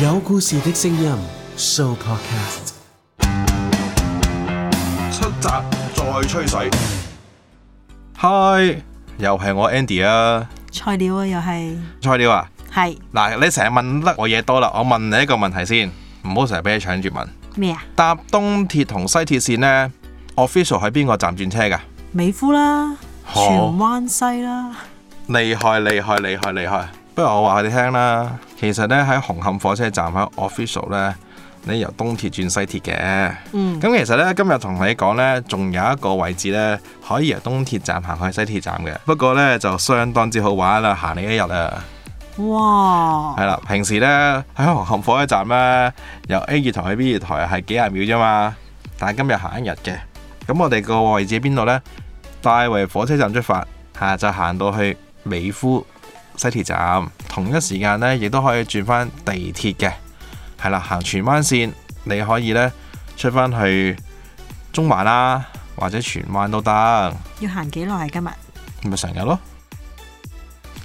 有故事的聲音 Show Podcast。出閘再吹水，嗨，又係我 Andy 啊！菜鳥啊，又係菜鳥啊，係嗱，你成日問甩我嘢多啦，我問你一個問題先,唔好成日俾你搶住問。咩啊？搭東鐵同西鐵線呢，official 喺邊個站轉車㗎？美孚啦，荃灣西啦。厲害，厲害，厲害，厲害！不如我話你聽啦，其實咧喺紅磡火車站喺 official 咧，fficial, 你由東鐵轉西鐵嘅。嗯，咁其實咧今日同你講咧，仲有一個位置咧，可以由東鐵站行去西鐵站嘅。不過咧就相當之好玩啦，行你一日啊！哇！係啦，平時咧喺紅磡火車站咧，由 A 月台去 B 月台係幾廿秒啫嘛。但係今日行一日嘅，咁我哋個位置喺邊度咧？大圍火車站出發，吓就行到去美孚。西鐵站同一時間呢，亦都可以轉返地鐵嘅係啦。行荃灣綫，你可以呢出返去中環啦，或者荃灣都得。要行幾耐？今日咪成日咯，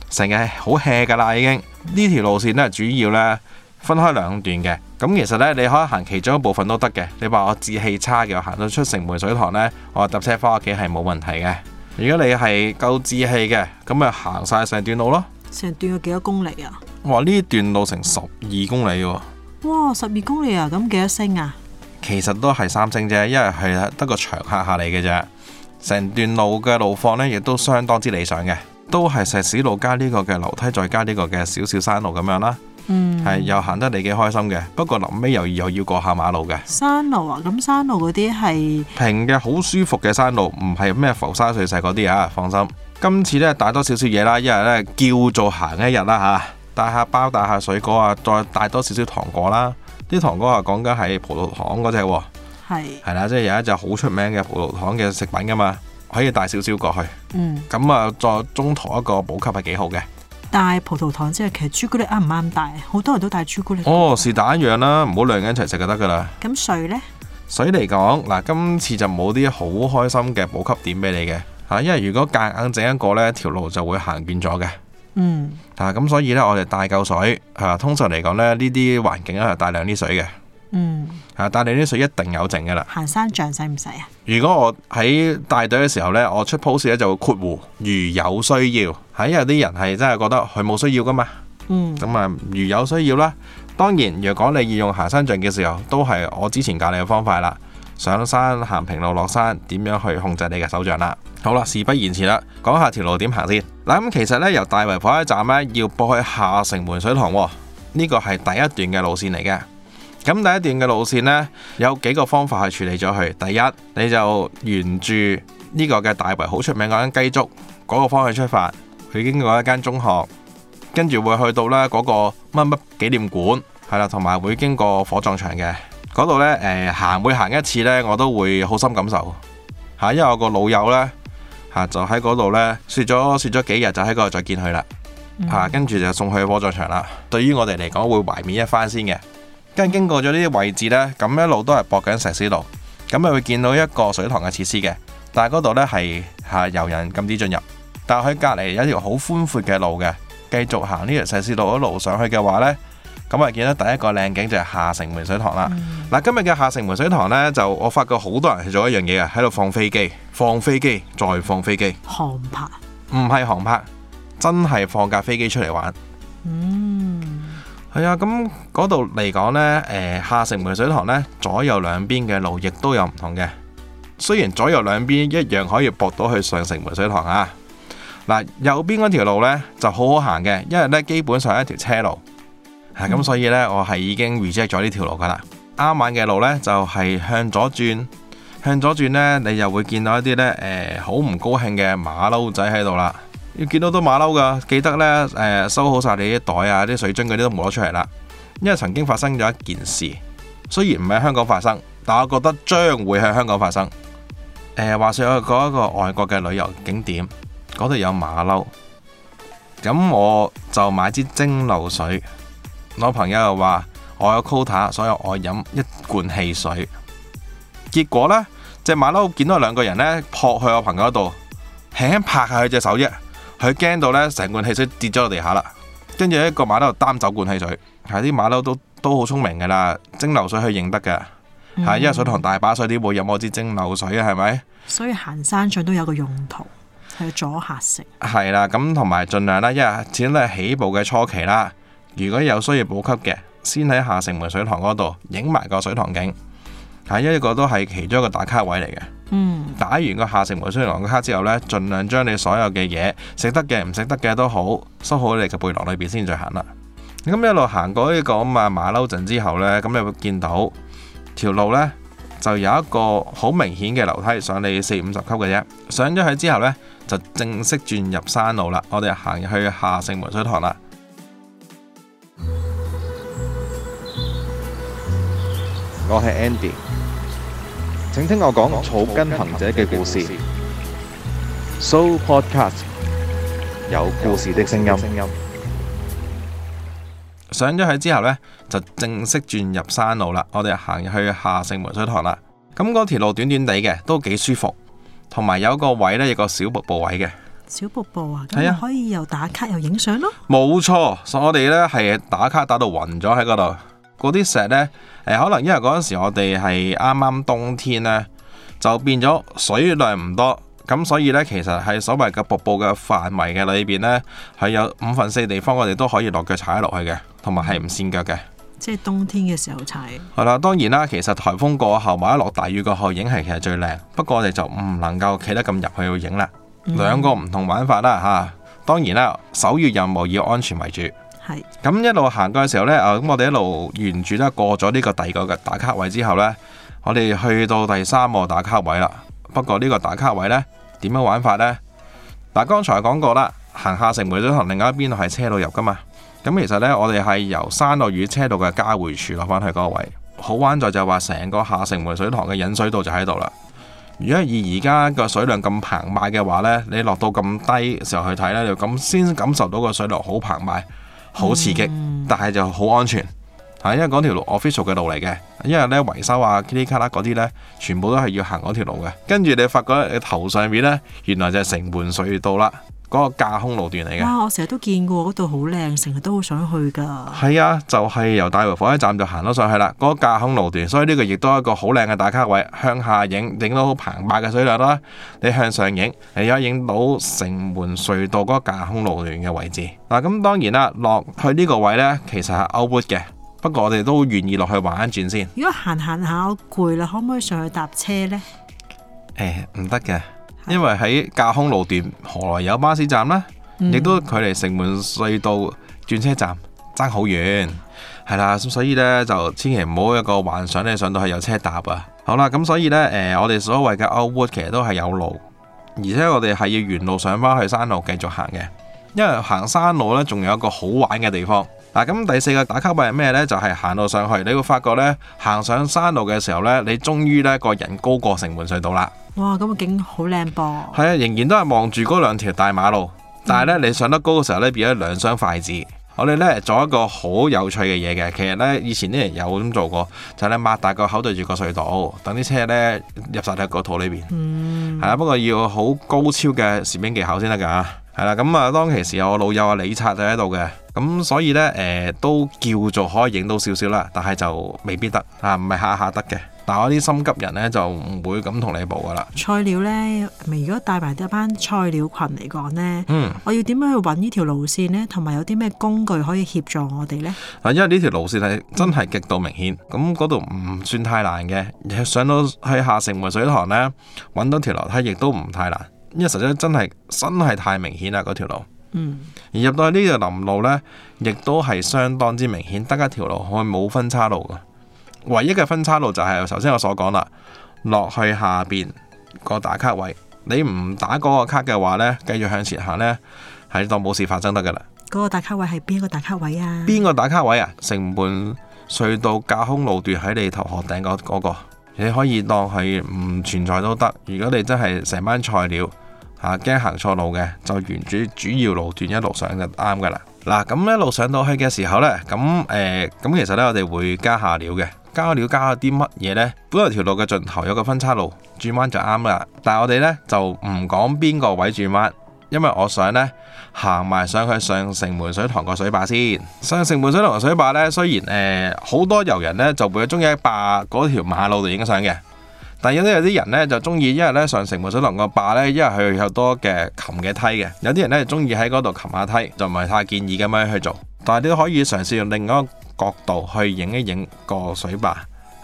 成日好 hea 噶啦，已經呢條路綫呢，主要呢分開兩段嘅。咁其實呢，你可以行其中一部分都得嘅。你話我志氣差嘅，我行到出城門水塘呢，我搭車返屋企係冇問題嘅。如果你係夠志氣嘅，咁咪行晒成段路咯。成段有幾多公里啊？哇！呢段路成十二公里喎。哇！十二公里啊，咁幾多星啊？啊，其實都係三星啫，因為係得個長客下嚟嘅啫。成段路嘅路況呢，亦都相當之理想嘅，都係石屎路加呢個嘅樓梯，再加呢個嘅少少山路咁樣啦，啊。嗯。係又行得你幾開心嘅，不過臨尾又又要過下馬路嘅。山路啊？咁山路嗰啲係平嘅，好舒服嘅山路，唔係咩浮沙碎石嗰啲啊，放心。今次咧帶多少少嘢啦，一係咧叫做行一日啦吓，帶下包、帶下水果啊，再帶多少少糖果啦。啲糖果啊講緊係葡萄糖嗰隻、啊，係係啦，即係有一隻好出名嘅葡萄糖嘅食品噶嘛，可以帶少少過去。嗯，咁啊、嗯、再中途一個補給係幾好嘅。帶葡萄糖即係其實朱古力啱唔啱帶？好多人都帶朱古力。哦，是但一樣啦、啊，唔好兩人一齊食就得噶啦。咁水呢？水嚟講嗱，今次就冇啲好開心嘅補給點俾你嘅。因為如果夾硬整一個呢條路就會行遠咗嘅。嗯，啊咁，所以呢，我哋帶夠水啊。通常嚟講咧，呢啲環境咧係帶量啲水嘅。嗯，啊，帶量啲水一定有剩噶啦。行山杖使唔使啊？如果我喺帶隊嘅時候呢，我出 post 咧就會括弧，如有需要。因、啊、有啲人係真係覺得佢冇需要噶嘛。咁、嗯、啊如有需要啦，當然若果你要用行山杖嘅時候，都係我之前教你嘅方法啦。上山行平路，落山點樣去控制你嘅手杖啦？好啦，事不宜遲啦，講下條路點行先。嗱，咁其實咧，由大圍火車站咧，要駁去下城門水塘、哦、呢、這個係第一段嘅路線嚟嘅。咁第一段嘅路線呢，有幾個方法去處理咗佢。第一，你就沿住呢個嘅大圍好出名嗰間雞粥嗰、那個方向出發，去經過一間中學，跟住會去到呢嗰個乜乜紀念館，係啦，同埋會經過火葬場嘅嗰度呢。誒、呃、行每行一次呢，我都會好深感受吓，因為我個老友呢。吓，就喺嗰度呢，雪咗雪咗幾日，就喺嗰度再見佢啦。吓、嗯，跟住、啊、就送去火葬場啦。對於我哋嚟講，會懷緬一番先嘅。跟住經過咗呢啲位置呢，咁一路都係博緊石屎路，咁咪會見到一個水塘嘅設施嘅。但係嗰度呢係吓遊人禁止進入。但係佢隔籬有一條好寬闊嘅路嘅，繼續行呢條石屎路一路上去嘅話呢。咁啊！見到第一個靚景就係下城門水塘啦。嗱，今日嘅下城門水塘咧，就我發覺好多人係做一樣嘢啊，喺度放飛機，放飛機，再放飛機。航拍？唔係航拍，真係放架飛機出嚟玩。嗯，係啊。咁嗰度嚟講咧，誒下城門水塘咧，左右兩邊嘅路亦都有唔同嘅。雖然左右兩邊一樣可以駁到去上城門水塘啊。嗱，右邊嗰條路咧就好好行嘅，因為咧基本上係一條車路。咁 所以呢，我係已經 reject 咗呢條路噶啦。啱晚嘅路呢，就係、是、向左轉，向左轉呢，你又會見到一啲呢誒好唔高興嘅馬騮仔喺度啦。要見到多馬騮噶，記得呢誒、呃、收好晒你啲袋啊、啲水樽嗰啲都冇攞出嚟啦。因為曾經發生咗一件事，雖然唔係香港發生，但我覺得將會喺香港發生話說。誒，話説我去過一個外國嘅旅遊景點，嗰度有馬騮，咁我就買一支蒸餾水。我朋友又話我有 quota，所以我飲一罐汽水。結果呢隻馬騮見到兩個人呢撲去我朋友度，輕輕拍下佢隻手啫。佢驚到呢成罐汽水跌咗落地下啦。跟住一個馬騮擔走罐汽水，係啲馬騮都都好聰明噶啦，蒸餾水佢認得嘅。係、嗯、因為水塘大把，水點會飲我支蒸餾水啊，係咪？所以行山上都有個用途，去阻下食。係啦，咁同埋盡量啦，因為始終都係起步嘅初期啦。如果有需要補給嘅，先喺下城門水塘嗰度影埋個水塘景，係呢個都係其中一個打卡位嚟嘅。嗯，打完個下城門水塘嘅卡之後呢，盡量將你所有嘅嘢食得嘅、唔食得嘅都好，收好你嘅背囊裏邊先再行啦。咁、嗯、一路行過呢、這個咁啊馬騮陣之後呢，咁你會見到條路呢，就有一個好明顯嘅樓梯上你四五十級嘅啫，上咗去之後呢，就正式轉入山路啦。我哋行入去下城門水塘啦。我係 Andy，請聽我講草根行者嘅故事。So Podcast，有故事的聲音。上咗去之後呢，就正式轉入山路啦。我哋行去下城門水塘啦。咁嗰條路短短地嘅，都幾舒服，同埋有個位呢，有個小瀑布位嘅。小瀑布啊，係啊，可以又打卡又影相咯。冇錯，我哋呢係打卡打到暈咗喺嗰度。嗰啲石呢，誒可能因為嗰陣時我哋係啱啱冬天呢，就變咗水量唔多，咁所以呢，其實係所謂嘅瀑布嘅範圍嘅裏面呢，係有五分四地方我哋都可以落腳踩落去嘅，同埋係唔跣腳嘅。即係冬天嘅時候踩。係啦、嗯，當然啦，其實颱風過後或者落大雨過後影係其實最靚，不過我哋就唔能夠企得咁入去去影啦。兩個唔同玩法啦嚇，當然啦，首要任務以安全為主。係咁一路行過嘅時候呢，啊咁我哋一路沿住咧過咗呢個第二個打卡位之後呢，我哋去到第三個打卡位啦。不過呢個打卡位呢，點樣玩法呢？嗱，剛才講過啦，行下城門水塘另外一邊係車路入噶嘛。咁其實呢，我哋係由山落與車路嘅交匯處落返去嗰個位，好玩在就話成個下城門水塘嘅引水道就喺度啦。如果以而家個水量咁澎湃嘅話呢，你落到咁低時候去睇呢，就咁先感受到個水流好澎湃。好刺激，但係就好安全，吓，因為嗰條路 official 嘅路嚟嘅，因為咧維修啊、嘰里卡啦嗰啲咧，全部都係要行嗰條路嘅，跟住你發覺你頭上面咧，原來就係城門隧道啦。嗰個架空路段嚟嘅，哇！我成日都見過嗰度好靚，成日都好想去㗎。係啊，就係、是、由大圍火車站就行咗上去啦。嗰個架空路段，所以呢個亦都係一個好靚嘅打卡位。向下影，影到好澎湃嘅水量啦，你向上影，你而家影到城門隧道嗰架空路段嘅位置。嗱、啊，咁當然啦，落去呢個位呢，其實係 out 嘅。不過我哋都願意落去玩一轉先。如果行行下好攰啦，可唔可以上去搭車呢？誒、欸，唔得嘅。因為喺架空路段，何來有巴士站呢？亦、mm. 都距離城門隧道轉車站爭好遠，係啦，所以咧就千祈唔好一個幻想你上到去有車搭啊！好啦，咁所以呢，誒、呃，我哋所謂嘅 outward 其實都係有路，而且我哋係要沿路上返去山路繼續行嘅，因為行山路呢，仲有一個好玩嘅地方。嗱，咁第四個打卡位係咩呢？就係、是、行到上去，你會發覺呢，行上山路嘅時候呢，你終於呢個人高過城門隧道啦。哇，咁個景好靚噃！係啊，仍然都係望住嗰兩條大馬路，嗯、但係咧，你上得高嘅時候咧，變咗兩雙筷子。我哋咧做一個好有趣嘅嘢嘅，其實咧以前啲人有咁做過，就係、是、呢，擘大個口對住個隧道，等啲車咧入晒喺個肚裏邊。嗯，係啦，不過要好高超嘅攝影技巧先得噶。係啦，咁啊，當其時我老友啊，李策就喺度嘅，咁所以咧，誒、呃，都叫做可以影到少少啦，但係就未必得啊，唔係下下得嘅。但係我啲心急人咧就唔會咁同你報噶啦。菜鳥咧，如果帶埋一班菜鳥群嚟講咧，嗯，我要點樣去搵呢條路線咧？同埋有啲咩工具可以協助我哋咧？啊，因為呢條路線係真係極度明顯，咁嗰度唔算太難嘅。上到去下城門水塘咧，搵到條樓梯亦都唔太難，因為實際真係真係太明顯啦嗰條路。嗯，而入到去呢條林路咧，亦都係相當之明顯，得一條路，我冇分岔路噶。唯一嘅分岔路就係，頭先我所講啦，落去下邊個打卡位，你唔打嗰個卡嘅話呢，繼續向前行呢，係當冇事發生得噶啦。嗰個打卡位係邊個打卡位啊？邊個打卡位啊？城門隧道架空路段喺你頭殼頂嗰嗰個，你可以當係唔存在都得。如果你真係成班菜鳥吓驚行錯路嘅，就沿住主，主要路段一路上就啱噶啦。嗱，咁一路上到去嘅時候呢，咁誒，咁、呃、其實呢，我哋會加下料嘅。加料加咗啲乜嘢呢？本來條路嘅盡頭有個分岔路，轉彎就啱啦。但我哋呢，就唔講邊個位轉彎，因為我想呢，行埋上去上城門水塘個水壩先。上城門水塘水壩呢，雖然呃好多遊人呢就會中意喺壩嗰條馬路度影相嘅，但有啲有啲人呢就中意因為呢，上城門水塘個壩呢，因為佢有多嘅擒嘅梯嘅。有啲人呢中意喺嗰度擒下梯，就唔係太建議咁樣去做。但係你都可以嘗試用另外角度去影一影個水壩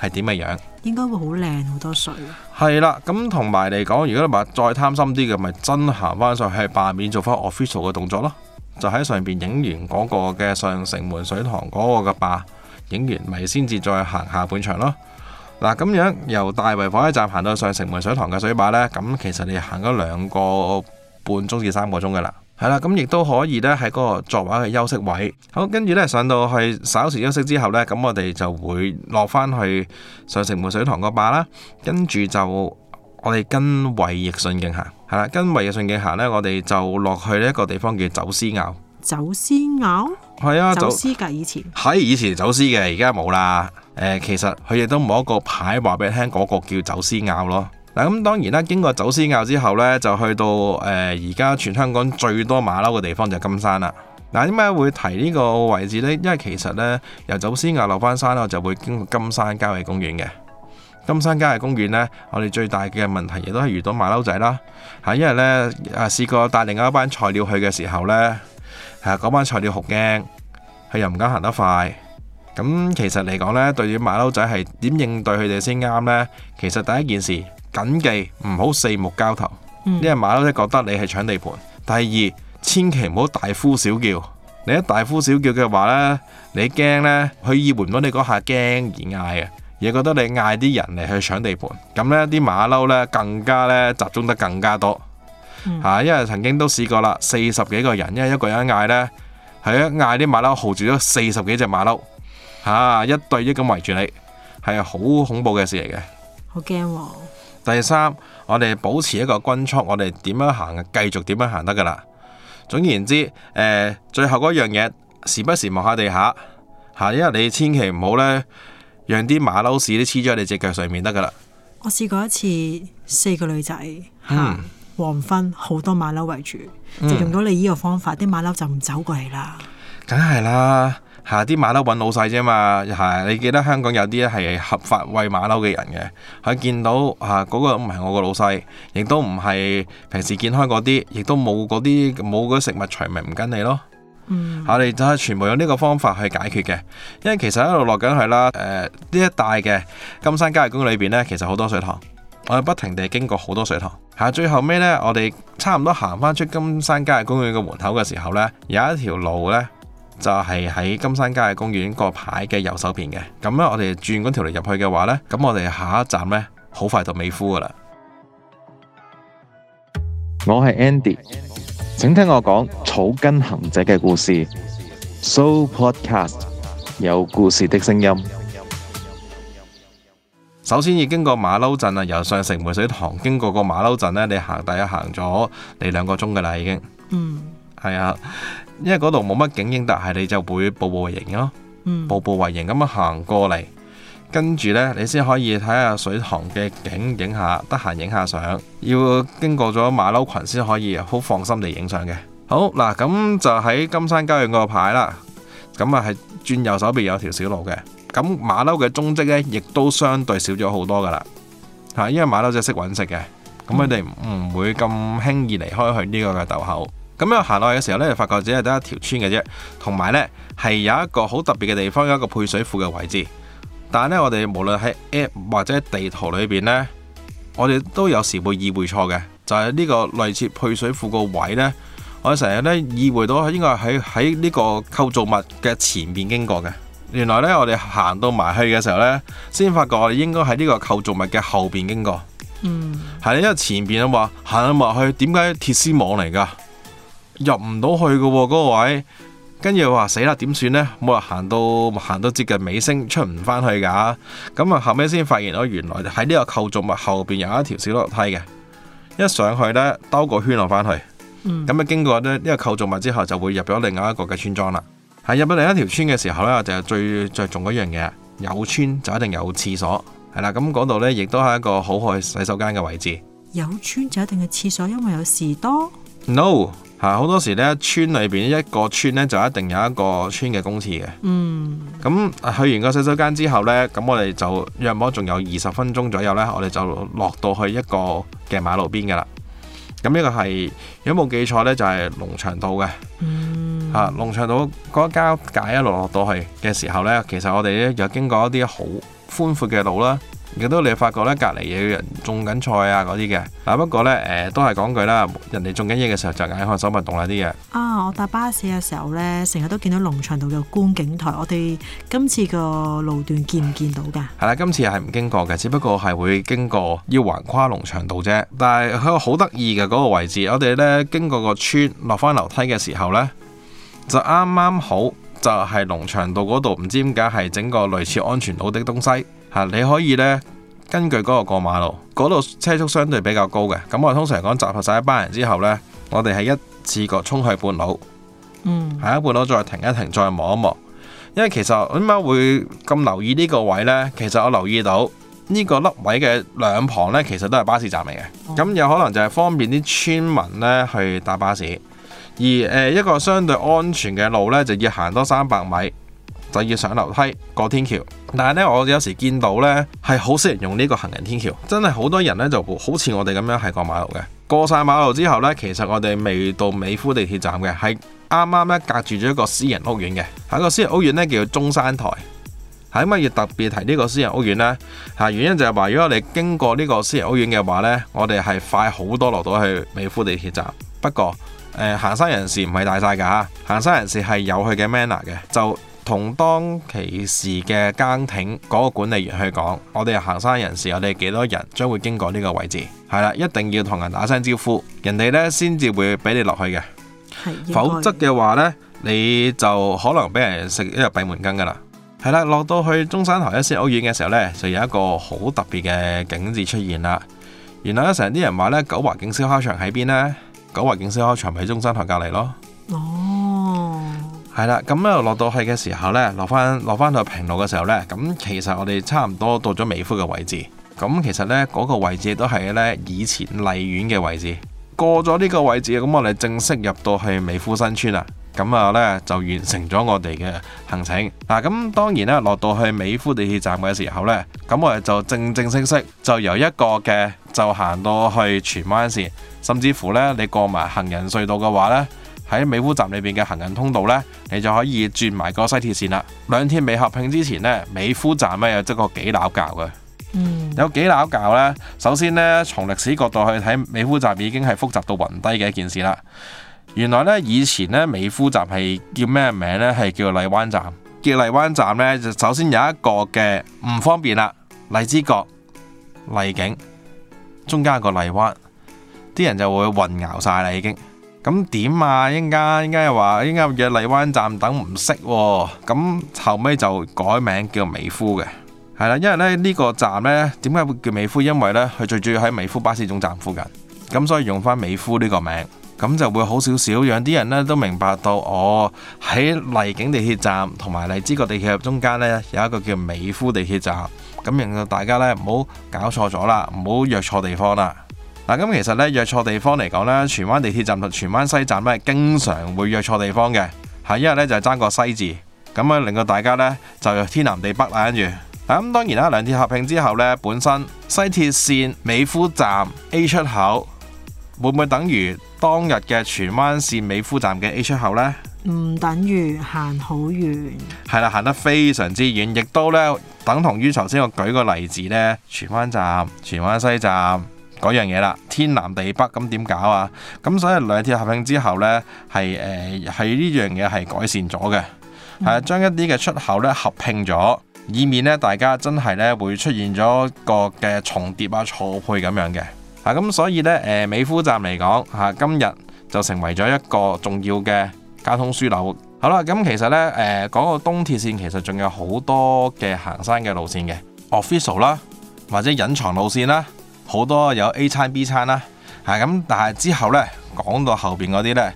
係點嘅樣，應該會好靚好多水。係啦，咁同埋嚟講，如果你話再貪心啲嘅，咪真行翻上去壩面做翻 official 嘅動作咯，就喺上邊影完嗰個嘅上城門水塘嗰個嘅壩，影完咪先至再行下半場咯。嗱，咁樣由大圍火車站行到上城門水塘嘅水壩咧，咁其實你行咗兩個半鐘至三個鐘噶啦。係啦，咁亦都可以咧喺嗰個座位嘅休息位。好，跟住咧上到去稍時休息之後咧，咁我哋就會落翻去上城門水塘個壩啦。跟住就我哋跟衛奕信徑行，係啦，跟衛奕信徑行咧，我哋就落去呢一個地方叫走私坳。走私坳？係啊的，就走私噶以前。係以前走私嘅，而家冇啦。誒、呃，其實佢亦都冇一個牌話俾你聽，嗰、那個叫走私坳咯。嗱，咁當然啦。經過走私坳之後呢，就去到誒而家全香港最多馬騮嘅地方就係金山啦。嗱，點解會提呢個位置呢？因為其實呢，由走私坳落翻山我就會經過金山郊野公園嘅。金山郊野公園呢，我哋最大嘅問題亦都係遇到馬騮仔啦。嚇，因為呢，啊，試過帶另外一班菜鳥去嘅時候呢，嚇，嗰班菜鳥好驚，佢又唔敢行得快。咁其實嚟講呢，對住馬騮仔係點應對佢哋先啱呢？其實第一件事。謹記唔好四目交投，因為馬騮咧覺得你係搶地盤。嗯、第二，千祈唔好大呼小叫。你一大呼小叫嘅話呢，你驚呢，佢意環攞你嗰下驚而嗌啊，而覺得你嗌啲人嚟去搶地盤，咁呢啲馬騮呢更加呢集中得更加多吓、嗯啊，因為曾經都試過啦，四十幾個人，因為一個人嗌呢，係啊嗌啲馬騮號住咗四十幾隻馬騮吓一對一咁圍住你，係好恐怖嘅事嚟嘅，好驚、哦。第三，我哋保持一個均速，我哋點樣行，繼續點樣行得噶啦。總言之，誒、呃，最後嗰樣嘢，時不時望下地下，吓，因為你千祈唔好呢，讓啲馬騮屎都黐咗你隻腳上面得噶啦。我試過一次，四個女仔行、嗯、黃昏，好多馬騮圍住，嗯、就用咗你呢個方法，啲馬騮就唔走過嚟啦。梗係啦。係啲馬騮揾老細啫嘛，係、啊、你記得香港有啲咧係合法餵馬騮嘅人嘅，佢、啊、見到嚇嗰、啊嗰個唔係我個老細，亦都唔係平時見開嗰啲，亦都冇嗰啲冇食物除名唔跟你咯。我哋、嗯啊、就係全部用呢個方法去解決嘅，因為其實一路落緊去啦。誒、呃、呢一帶嘅金山郊野公園裏邊咧，其實好多水塘，我哋不停地經過好多水塘。嚇、啊，最後尾呢，我哋差唔多行翻出金山郊野公園嘅門口嘅時候呢，有一條路呢。就係喺金山郊野公園個牌嘅右手邊嘅，咁咧，我哋轉嗰條路入去嘅話呢，咁我哋下一站呢，好快就美孚噶啦。我係 Andy，請聽我講草根行者嘅故事。So Podcast 有故事的聲音。首先要經過馬騮鎮啊，由上城梅水塘經過個馬騮鎮呢，你行大約行咗你兩個鐘噶啦已經。嗯。係啊，因為嗰度冇乜景影，但係你就會步步為營咯，步步為營咁樣行過嚟，跟住呢你先可以睇下水塘嘅景，影下，得閒影下相。要經過咗馬騮群先可以好放心地影相嘅。好嗱，咁就喺金山郊野嗰個牌啦，咁啊係轉右手邊有條小路嘅。咁馬騮嘅蹤跡呢，亦都相對少咗好多噶啦，吓，因為馬騮只係識揾食嘅，咁佢哋唔會咁輕易離開去呢個嘅斗口。咁樣行落去嘅時候咧，就發覺只係得一條村嘅啫。同埋咧，係有一個好特別嘅地方，有一個配水庫嘅位置。但係咧，我哋無論喺 App 或者喺地圖裏邊咧，我哋都有時會意會錯嘅，就係、是、呢個類似配水庫個位咧。我哋成日咧意會到應該喺喺呢個構造物嘅前邊經過嘅。原來咧，我哋行到埋去嘅時候咧，先發覺我哋應該喺呢個構造物嘅後邊經過。嗯，係因為前邊啊嘛，行落去點解鐵絲網嚟㗎？入唔到去嘅嗰、哦嗰個位，跟住話死啦，點算呢？冇話行到行到接近尾聲出唔翻去噶。咁啊，後尾先發現到原來喺呢個構造物後邊有一條小樓梯嘅。一上去呢，兜個圈落翻去，咁啊、嗯，經過咧呢、這個構造物之後，就會入咗另外一個嘅村莊啦。喺入咗另一條村嘅時候呢，就係、最着重一樣嘢，有村就一定有廁所係啦。咁嗰度呢，亦都係一個好去洗手間嘅位置。有村就一定係廁所，因為有士多。No。好多時咧，村裏面一個村咧就一定有一個村嘅公廁嘅。嗯。咁去完個洗手間之後呢，咁我哋就約莫仲有二十分鐘左右呢，我哋就落到去一個嘅馬路邊噶啦。咁呢個係，如果冇記錯呢？就係農場道嘅。嗯。嚇！農場道嗰個交界一路落到去嘅時候呢，其實我哋咧又經過一啲好寬闊嘅路啦。亦都你發覺咧，隔離有人種緊菜啊嗰啲嘅。嗱，不過咧，誒、呃、都係講句啦，人哋種緊嘢嘅時候就眼看手勿動嗰啲嘅。啊，我搭巴士嘅時候咧，成日都見到農場道嘅觀景台。我哋今次個路段見唔見到㗎？係啦，今次係唔經過嘅，只不過係會經過要橫跨農場道啫。但係喺個好得意嘅嗰個位置，我哋咧經過個村落翻樓梯嘅時候咧，就啱啱好就係、是、農場道嗰度，唔知點解係整個類似安全島的東西。吓，你可以咧，根據嗰個過馬路，嗰度車速相對比較高嘅。咁我通常講集合晒一班人之後呢，我哋係一次過衝去半路，嗯，行一半路再停一停，再望一望。因為其實點解會咁留意呢個位呢？其實我留意到呢個粒位嘅兩旁呢，其實都係巴士站嚟嘅。咁有可能就係方便啲村民呢去搭巴士，而誒、呃、一個相對安全嘅路呢，就要行多三百米。就要上樓梯過天橋，但係呢，我有時見到呢係好少人用呢個行人天橋，真係好多人呢就好似我哋咁樣係過馬路嘅。過晒馬路之後呢，其實我哋未到美孚地鐵站嘅，係啱啱呢隔住咗一個私人屋苑嘅，喺個私人屋苑呢，叫中山台。係乜要特別提呢個私人屋苑呢？嚇，原因就係話如果我哋經過呢個私人屋苑嘅話呢，我哋係快好多落到去美孚地鐵站。不過，呃，行山人士唔係大晒㗎嚇，行山人士係有佢嘅 manner 嘅就。同當其時嘅更亭嗰個管理員去講，我哋行山人士，我哋幾多人將會經過呢個位置，係啦，一定要同人打聲招呼，人哋咧先至會俾你落去嘅，的否則嘅話咧你就可能俾人食一入閉門羹噶啦。係啦，落到去中山頭一線屋苑嘅時候咧，就有一個好特別嘅景緻出現啦。然後咧，成啲人話咧九華景燒烤場喺邊呢？九華景燒烤場喺中山頭隔離咯。哦。係啦，咁咧落到去嘅時候呢，落翻落翻到平路嘅時候呢，咁其實我哋差唔多到咗美孚嘅位置。咁其實呢，嗰個位置都係呢以前荔園嘅位置。過咗呢個位置，咁我哋正式入到去美孚新村啦，咁啊呢，就完成咗我哋嘅行程。嗱，咁當然呢，落到去美孚地鐵站嘅時候呢，咁我哋就正正式式就由一個嘅就行到去荃灣綫，甚至乎呢，你過埋行人隧道嘅話呢。喺美孚站裏邊嘅行人通道呢，你就可以轉埋個西鐵線啦。兩鐵未合併之前呢，美孚站呢，嗯、有即個幾拗教嘅。有幾拗教呢？首先呢，從歷史角度去睇，美孚站已經係複雜到暈低嘅一件事啦。原來呢，以前呢，美孚站係叫咩名呢？係叫荔灣站。叫荔灣站呢，就首先有一個嘅唔方便啦。荔枝角、荔景中間個荔灣，啲人就會混淆晒啦，已經。咁點啊？依家依家又話應該約荔灣站等唔識喎、啊，咁後尾就改名叫美孚嘅，係啦，因為咧呢、呢個站呢，點解會叫美孚？因為呢，佢最主要喺美孚巴士總站附近，咁所以用翻美孚呢個名，咁就會好少少，讓啲人呢都明白到我喺荔景地鐵站同埋荔枝角地鐵站中間呢，有一個叫美孚地鐵站，咁令到大家呢，唔好搞錯咗啦，唔好約錯地方啦。嗱，咁其實咧，約錯地方嚟講咧，荃灣地鐵站同荃灣西站，都係經常會約錯地方嘅。係因為咧就係爭個西字，咁啊令到大家咧就天南地北啦。跟住咁當然啦，兩鐵合併之後咧，本身西鐵線美孚站 A 出口會唔會等於當日嘅荃灣線美孚站嘅 A 出口呢？唔等於，行好遠，係啦，行得非常之遠，亦都咧等同於頭先我舉個例子咧，荃灣站、荃灣西站。嗰樣嘢啦，天南地北咁點搞啊？咁所以兩鐵合併之後呢，係誒喺呢樣嘢係改善咗嘅，係、嗯啊、將一啲嘅出口呢合併咗，以免呢大家真係呢會出現咗個嘅重疊啊、錯配咁樣嘅。啊，咁所以呢，誒美孚站嚟講，嚇、啊、今日就成為咗一個重要嘅交通樞紐。好啦，咁、啊、其實呢，誒嗰個東鐵線其實仲有好多嘅行山嘅路線嘅，official 啦，或者隱藏路線啦。好多有 A 餐 B 餐啦，啊咁，但係之後呢，講到後邊嗰啲呢，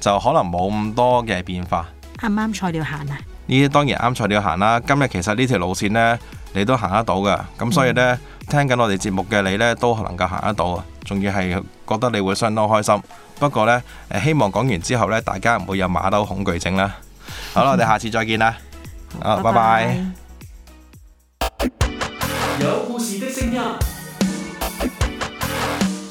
就可能冇咁多嘅變化。啱唔啱菜鳥行啊？呢啲當然啱菜鳥行啦。今日其實呢條路線呢，你都行得到嘅。咁所以呢，嗯、聽緊我哋節目嘅你呢，都能夠行得到。仲要係覺得你會相當開心。不過呢，希望講完之後呢，大家唔會有馬騮恐懼症啦。好啦，嗯、我哋下次再見啦。好好拜拜 bye bye 有故事嘅聲音。